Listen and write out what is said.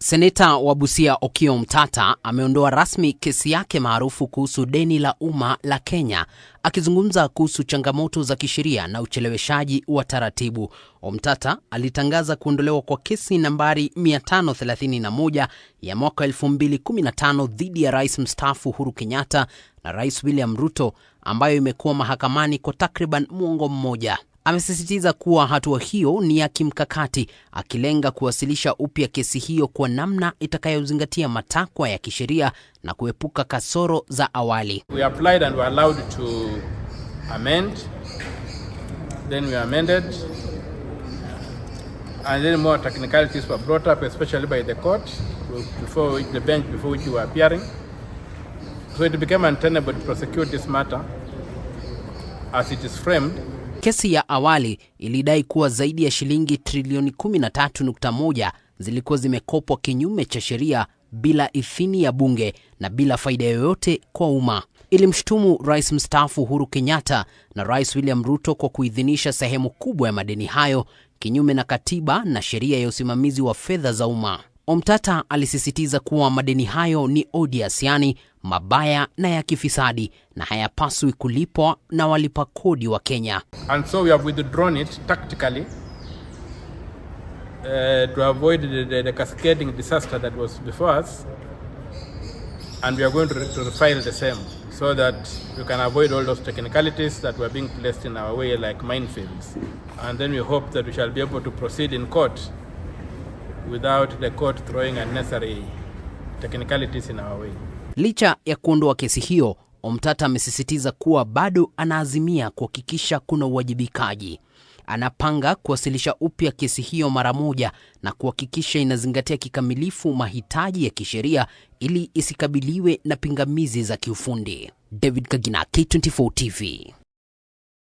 Seneta wa Busia Okio Mtata ameondoa rasmi kesi yake maarufu kuhusu deni la umma la Kenya. Akizungumza kuhusu changamoto za kisheria na ucheleweshaji wa taratibu, Omtata alitangaza kuondolewa kwa kesi nambari 531 ya mwaka 2015 dhidi ya Rais mstaafu Uhuru Kenyatta na Rais William Ruto ambayo imekuwa mahakamani kwa takriban mwongo mmoja. Amesisitiza kuwa hatua hiyo ni ya kimkakati, akilenga kuwasilisha upya kesi hiyo kwa namna itakayozingatia matakwa ya kisheria na kuepuka kasoro za awali. We applied and were allowed to amend. Then we amended. And then more technicalities were brought up, especially by the court, before the bench before which were appearing. So it became untenable to prosecute this matter as it is framed. Kesi ya awali ilidai kuwa zaidi ya shilingi trilioni 13.1 zilikuwa zimekopwa kinyume cha sheria bila idhini ya bunge na bila faida yoyote kwa umma. Ilimshutumu rais mstaafu Uhuru Kenyatta na rais William Ruto kwa kuidhinisha sehemu kubwa ya madeni hayo kinyume na katiba na sheria ya usimamizi wa fedha za umma. Omtata alisisitiza kuwa madeni hayo ni odious, yani mabaya na ya kifisadi na hayapaswi kulipwa na walipa kodi wa Kenya. And so we have withdrawn it tactically uh, to avoid the, the, the cascading disaster that was before us and we are going to, to refile the same so that we can avoid all those technicalities that were being placed in our way like minefields and then we hope that we shall be able to proceed in court without the court throwing unnecessary technicalities in our way. Licha ya kuondoa kesi hiyo, Omtata amesisitiza kuwa bado anaazimia kuhakikisha kuna uwajibikaji. Anapanga kuwasilisha upya kesi hiyo mara moja na kuhakikisha inazingatia kikamilifu mahitaji ya kisheria ili isikabiliwe na pingamizi za kiufundi. David Kagina, K24 TV.